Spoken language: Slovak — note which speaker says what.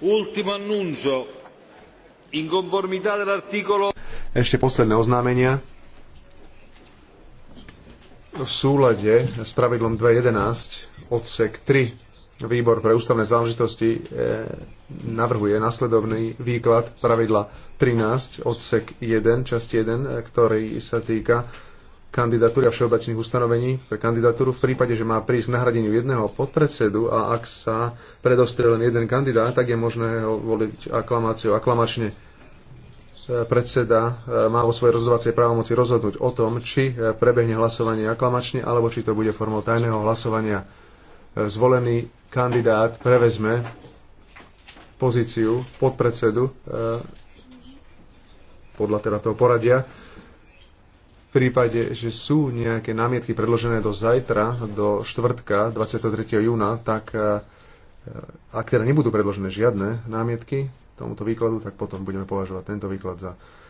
Speaker 1: Ultimo annuncio. In conformità dell'articolo... Ešte posledné oznámenia. V súlade s pravidlom 2.11 odsek 3 Výbor pre ústavné záležitosti e, navrhuje nasledovný výklad pravidla 13 odsek 1 časť 1, eh, ktorý sa týka kandidatúry a všeobecných ustanovení pre kandidatúru v prípade, že má prísť k nahradeniu jedného podpredsedu a ak sa predostrie len jeden kandidát, tak je možné ho voliť aklamáciou. Aklamačne predseda e, má vo svojej rozhodovacej právomoci rozhodnúť o tom, či e, prebehne hlasovanie aklamačne, alebo či to bude formou tajného hlasovania. E, Zvolený kandidát prevezme pozíciu podpredsedu podľa teda toho poradia prípade, že sú nejaké námietky predložené do zajtra, do štvrtka 23. júna, tak e, e, ak teda nebudú predložené žiadne námietky tomuto výkladu, tak potom budeme považovať tento výklad za